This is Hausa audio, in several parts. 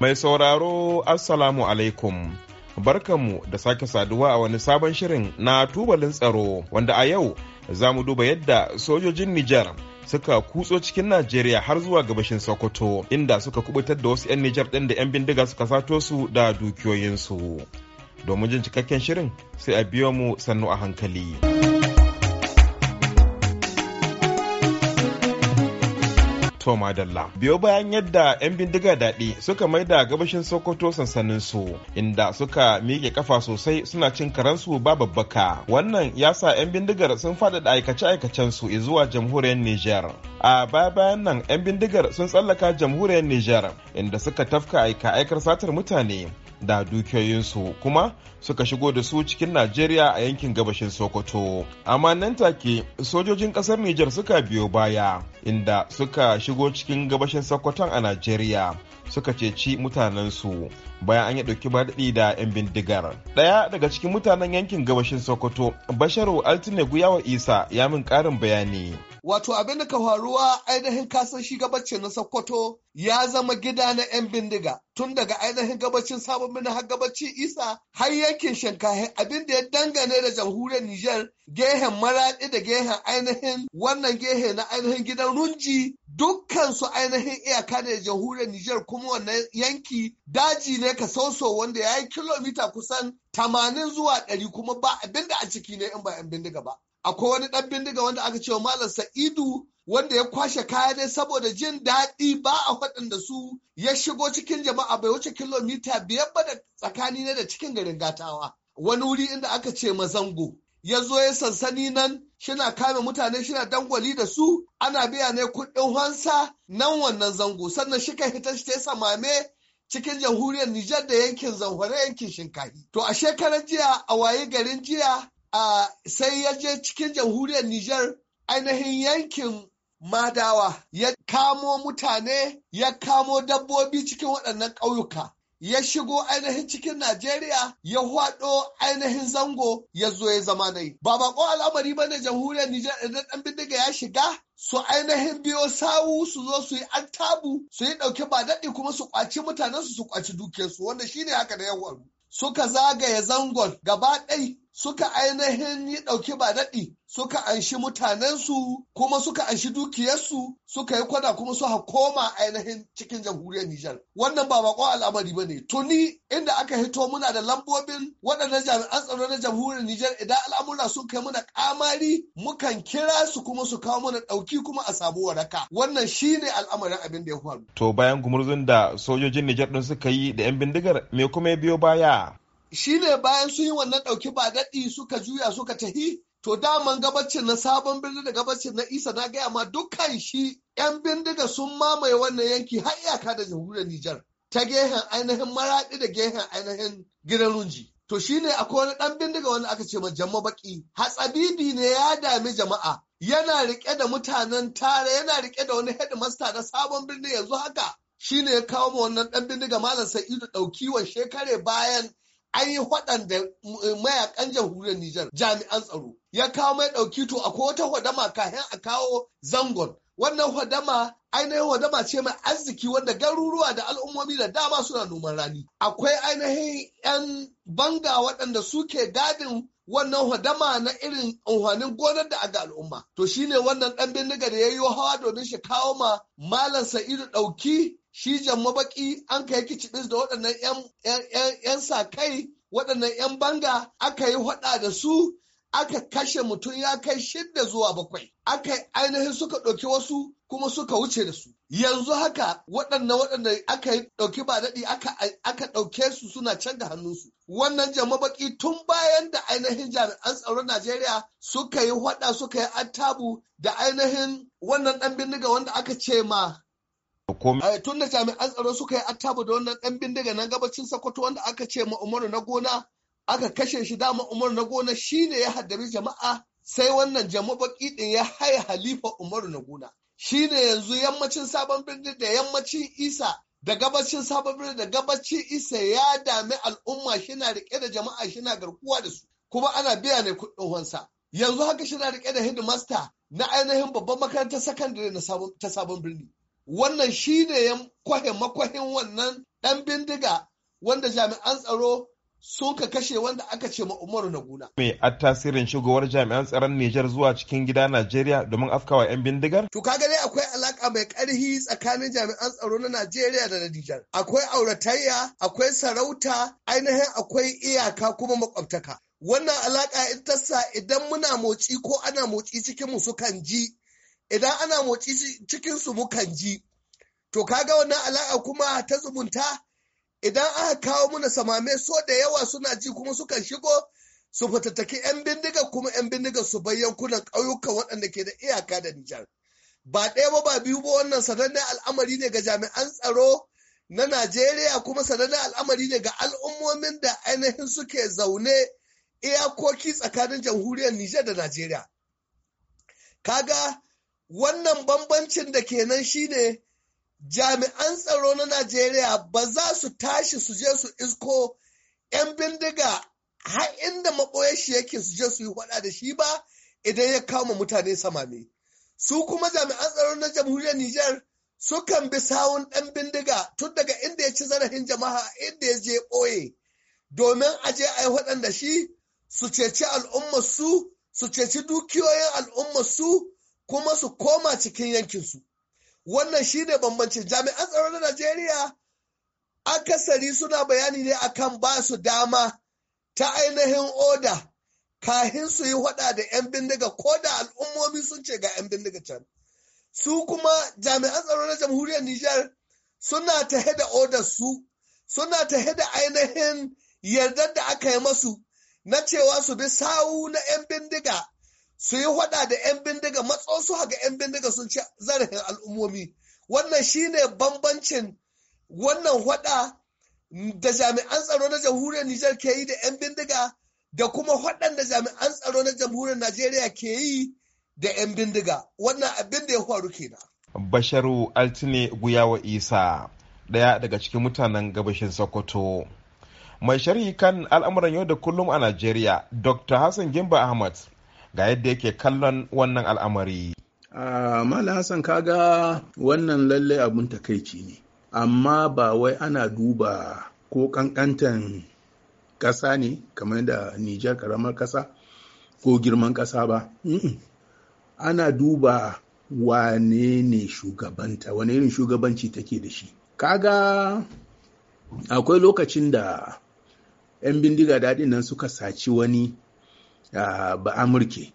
Mai sauraro Assalamu alaikum. Barkanmu da sake saduwa a wani sabon shirin na tubalin tsaro wanda a yau za mu duba yadda sojojin Nijar suka kutso cikin Najeriya har zuwa gabashin Sokoto inda suka kubutar da wasu 'yan Nijar ɗin da 'yan bindiga suka sato su da dukiyoyinsu. Domin jin cikakken shirin sai a biyo mu sannu a hankali. To dalla Biyo bayan yadda 'yan bindiga daɗi suka maida gabashin Sokoto sansanin su inda suka miƙe kafa sosai suna cin karansu ba babbaka. Wannan ya sa 'yan bindigar sun faɗaɗa aikace-aikacen su zuwa jamhuriyar Nijar. A baya bayan nan 'yan bindigar sun tsallaka jamhuriyar Nijar inda suka tafka aika aikar satar mutane. da dukiyoyinsu kuma suka shigo da su cikin Najeriya a yankin gabashin Sokoto. Amma nan take sojojin ƙasar Niger suka biyo baya inda suka shigo cikin gabashin Sokoton a Najeriya suka ceci mutanensu bayan an ya ɗauki baɗi da 'yan bindigar. Ɗaya daga cikin mutanen yankin gabashin Sokoto, Basharu Altinegu Guyawa Isa ya min ƙarin bayani. Wato abin da ka faruwa ainihin kasan shi na Sokoto ya zama gida na 'yan bindiga tun daga ainihin gabacin sabon birnin har gabacin isa har yankin shinkahi abin da ya dangane da jamhuriyar Nijar gehen maraɗi da gehen ainihin wannan gehe na ainihin gidan runji dukkansu su ainihin iyaka da jamhuriyar Nijar ko kuma wannan yanki daji ne ka soso wanda ya yi kilomita kusan tamanin zuwa ɗari kuma ba abin da a ciki ne in ba yan bindiga ba akwai wani ɗan bindiga wanda aka ce wa malam sa'idu wanda ya kwashe kaya ne saboda jin daɗi ba a da su ya shigo cikin jama'a bai wuce kilomita biyar ba da tsakani ne da cikin garin gatawa wani wuri inda aka ce mazango ya zo ya sansani nan shina kame mutane shina dangwali da su ana biya ne kuɗin hansa nan wannan zango sannan shi ka hita shi ta samame cikin jamhuriyar Nijar da yankin zanhore yankin shinkafi. To a shekarar jiya a waye garin jiya a sai ya je cikin jamhuriyar Nijar ainihin yankin madawa ya kamo mutane ya kamo dabbobi cikin waɗannan ƙauyuka. ya shigo ainihin cikin Najeriya ya hwado ainihin zango ya zo ya zama nai. Ba bako al'amari ba ne jamhuriyar Nijar idan ɗan bindiga ya shiga su ainihin biyo sawu su zo su yi an tabu su yi ɗauke ba daɗi kuma su ƙwaci mutanensu su ƙwaci dukiyarsu wanda shine haka da yawan. Suka zagaya zangon gaba ɗai suka ainihin yi ɗauki ba daɗi suka anshi mutanensu kuma suka anshi dukiyarsu suka yi kwada kuma su koma ainihin cikin jamhuriyar Nijar. Wannan ba bakon al'amari ba ne. Tuni inda aka hito muna da lambobin waɗannan jami'an tsaro na jamhuriyar Nijar idan al'amura sun kai muna ƙamari mukan kira su kuma su kawo mana ɗauki kuma a samu waraka. Wannan shi ne al'amarin abin da ya faru. To bayan gumurzun da sojojin Nijar ɗin suka yi da 'yan bindigar me kuma ya biyo baya? shine bayan sun yi wannan ɗauki ba daɗi suka juya suka tahi to daman gabacin na sabon birni da gabacin na isa na gaya ma dukkan shi 'yan bindiga sun mamaye wannan yanki har iyaka da jamhuriyar Nijar ta gehen ainihin maraɗi da gehen ainihin gidan runji. To shi ne akwai wani ɗan bindiga wani aka ce ma jama baki hatsabibi ne ya dami jama'a yana rike da mutanen tare yana rike da wani headmaster na sabon birni yanzu haka Shi ne ya kawo ma wannan ɗan bindiga malam sa'idu ɗauki wa shekare bayan an yi faɗan da mayakan jamhuriyar Nijar jami'an tsaro. Ya kawo mai ɗauki to akwai wata hwadama kayan a kawo zangon. Wannan hwadama ainihin hwadama ce mai arziki wanda garuruwa da al'ummomi da dama suna noman rani. Akwai ainihin 'yan banga waɗanda suke gadin wannan hadama na irin amfanin gonar da aga al'umma. To shine wannan ɗan bindiga da ya yi hawa domin shi kawo ma Malam Sa'idu ɗauki shi jan mabaki an kai kicibis da waɗannan 'yan sa kai waɗannan 'yan banga aka yi hada da su aka kashe mutum ya kai shidda zuwa bakwai aka ainihin suka ɗauki wasu kuma suka wuce da su yanzu haka waɗannan waɗanda aka yi ɗauki ba daɗi aka ɗauke su suna canza da hannunsu wannan jama'a tun bayan da ainihin jami'an tsaron najeriya suka yi hwada suka yi attabu da ainihin wannan ɗan bindiga wanda aka ce ma Eh, tun da jami'an tsaro suka yi attaba da wannan ɗan bindiga nan gabacin Sokoto wanda aka ce ma Umaru na gona aka kashe shi dama Umaru na gona shi ne ya haddari jama'a sai wannan baƙi ɗin ya haya Halifa Umaru na gona. Shi ne yanzu yammacin sabon birni da yammacin Isa da gabacin sabon birni da gabacin Isa ya dami al'umma shina riƙe da jama'a shina garkuwa da su kuma ana biya ne kuɗin wansa. Yanzu haka shina riƙe da hidimasta na ainihin babban makarantar sakandare ta sabon birni. wannan shi ne ya kwahe makwahin wannan ɗan bindiga wanda jami'an tsaro sun ka kashe wanda aka ce ma umaru na guna. Me a tasirin shigowar jami'an tsaron Nijar zuwa cikin gida Najeriya domin afkawa 'yan bindigar? To kaga dai akwai alaka mai karhi tsakanin jami'an tsaro na Najeriya da na Nijar. Akwai auratayya, akwai sarauta, ainihin akwai iyaka kuma makwabtaka. Wannan alaka ita sa idan muna motsi ko ana motsi cikin mu sukan ji idan ana motsi cikin su mukan ji to kaga wannan ala'a kuma ta zumunta idan aka kawo muna samame so da yawa suna ji kuma sukan shigo su fatattaki 'yan bindiga kuma 'yan bindiga su bai yankunan ƙauyuka waɗanda ke da iyaka da Nijar. Ba ɗaya ba ba biyu ba wannan sanannen al'amari ne ga jami'an tsaro na Najeriya kuma sanannen al'amari ne ga al'ummomin da ainihin suke zaune iyakoki tsakanin jamhuriyar Nijar da Najeriya. Kaga wannan bambancin da kenan shine jami'an tsaro na Najeriya ba za su tashi su je su isko 'yan bindiga har inda maɓoye shi yake su je su yi hwada da shi ba idan ya kama mutane samani, Su kuma jami'an tsaro na jamhuriyar Nijar sukan bi sawun ɗan bindiga tun daga inda ya ci zarafin jama'a inda ya je ɓoye domin a je a yi waɗanda shi su ceci al'ummar su su ceci dukiyoyin al'ummar su kuma su koma cikin yankinsu wannan shi ne bambancin jami'an tsaro na najeriya akasari suna bayani ne akan ba su dama ta ainihin oda kahin su yi hada da 'yan bindiga ko da al'ummomi sun ce ga 'yan bindiga can su kuma jami'an tsaro na jamhuriyar nijar suna ta da odar su suna ta da ainihin yardar da aka yi masu na cewa su bi sawu na 'yan bindiga su yi hada da 'yan bindiga matso su haka 'yan bindiga sun ci zarafin al'ummomi wannan shine bambancin wannan hada da jami'an tsaro na jamhuriyar Nijar ke yi da 'yan bindiga da kuma hadan da jami'an tsaro na jamhuriyar Najeriya ke yi da 'yan bindiga wannan abin da ya faru kenan. Basharu Altine Guyawa Isa ɗaya daga cikin mutanen gabashin Sokoto. Mai sharhi kan al'amuran yau da kullum a Najeriya, Dr. Hassan Gimba Ahmad ga yadda yake kallon wannan al'amari. Ah, Mala Hassan kaga wannan lallai abun takaici ne, amma ba wai ana duba ko kankantan ƙasa ne kamar da Nijar karamar ƙasa ko girman ƙasa ba. Ana duba wane ne shugabanta, wane irin shugabanci take da shi. Kaga akwai lokacin da 'yan bindiga daɗin nan suka saci wani ba amurke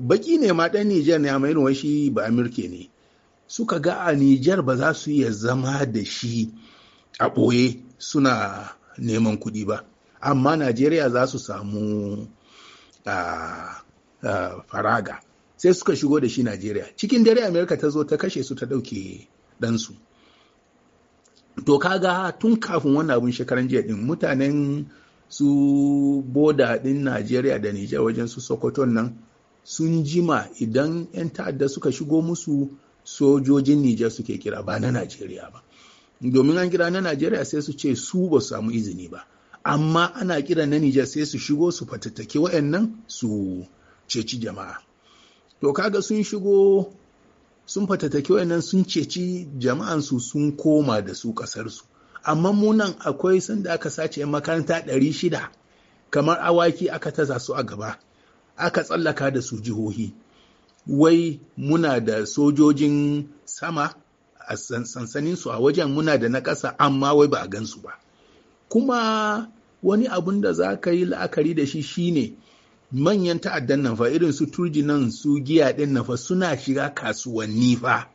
baki ne ma ɗan nijar ne amma irin shi ba amurke ne suka ga a nijar ba za su iya zama da shi a ɓoye suna neman kuɗi ba amma najeriya za su samu faraga sai suka shigo da shi najeriya cikin dare amerika ta zo ta kashe su ta ɗauke ɗansu to kaga tun kafin wannan abin shekaran jiya din mutanen su boda din najeriya da nijar wajen su sokoton nan sun jima idan 'yan ta'adda suka shigo musu sojojin nijar suke kira ba na najeriya ba domin an kira na najeriya sai su ce su ba samu izini ba amma ana kira na nijar sai su shigo su fatattake wayannan su ceci jama'a to kaga sun shigo sun fatattake wayannan sun ceci jama'ansu sun koma da su ƙasarsu amma munan akwai sun da aka sace makaranta 600 kamar awaki aka tasa su a gaba aka tsallaka da su jihohi wai muna da sojojin sama a sansanin su a wajen muna da na ƙasa amma wai ba a gansu ba kuma wani abun da za ka yi la'akari da shi shine manyan ta'addan nan fa irin su turji nan su giya din nan fa suna shiga kasuwanni fa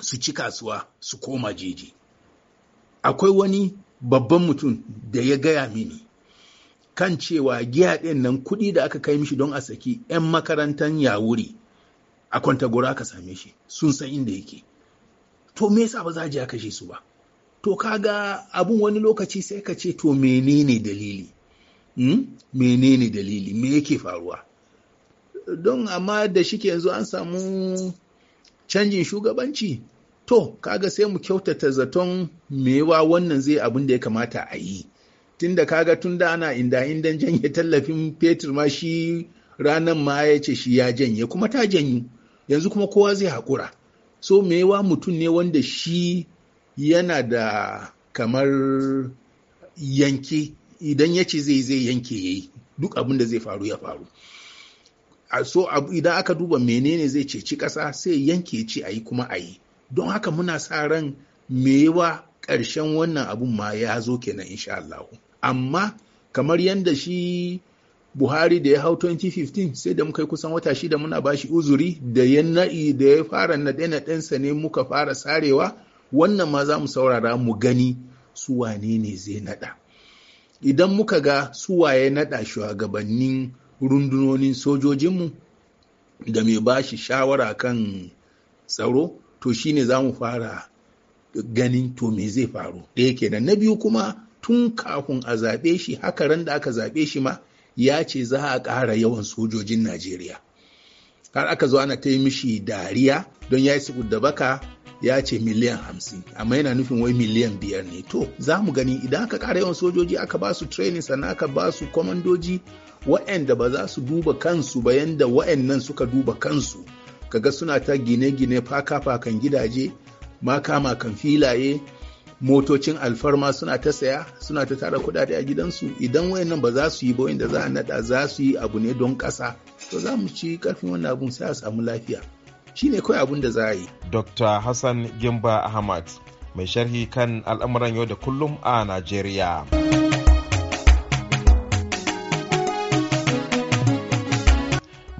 su ci kasuwa su koma jeji akwai wani babban mutum da ya gaya mini kan cewa giya ɗin nan kuɗi da aka kai mishi don a saki 'yan makarantar yawuri a kwanta kwantagora aka same shi sun san inda yake to me yasa ba za a je kashe su ba to kaga abun wani lokaci sai ka ce to menene dalili hmm? menene dalili me yake faruwa don amma da shike yanzu an samu canjin shugabanci to kaga sai mu kyautata zaton mewa wannan zai abin da ya kamata a yi Tun tunda kaga tun da ana inda indan janye tallafin fetur ma shi ranar ma ya ce shi ya janye kuma ta janyu yanzu kuma kowa zai haƙura so mewa mutum ne wanda shi yana da kamar yanke idan ya ce zai zai yanke ya yi duk abin da zai faru ya faru so idan aka duba menene zai ceci ƙasa sai yanke ci a yi kuma a yi don haka muna sa ran yawa ƙarshen wannan abun ma ya zo kenan insha Allah amma kamar yadda shi Buhari da ya hau 2015 sai da muka yi kusan wata shida muna bashi uzuri da ya na'i da ya fara naɗe-naɗensa ne muka fara sarewa wannan ma za mu saurara mu gani su wane ne zai naɗa idan muka ga su waye naɗa shugabannin rundunonin sojojinmu da mai bashi shawara kan tsaro to shi ne za mu fara ganin to me zai faru ɗaya kenan na biyu kuma tun kafin a zaɓe shi haka ran da aka zaɓe shi ma ya ce za a ƙara yawan sojojin najeriya har aka zo ana ta yi mishi dariya don ya yi da baka ya ce miliyan hamsin amma yana nufin wai miliyan biyar ne to za mu gani idan aka ƙara yawan sojoji aka ba su training sannan aka ba su kwamandoji wa'anda ba za su duba kansu ba yanda wa'annan suka duba kansu kaga suna ta gine-gine faka-fakan gidaje makama kan filaye motocin alfarma suna ta saya suna ta tara kudade a gidansu idan wayan nan ba za su yi ba da za a nada za su yi abu ne don kasa to za mu ci karfin wannan abun sai a samu lafiya shine kawai abun da za a yi dr hassan gimba ahmad mai sharhi kan al'amuran yau da kullum a najeriya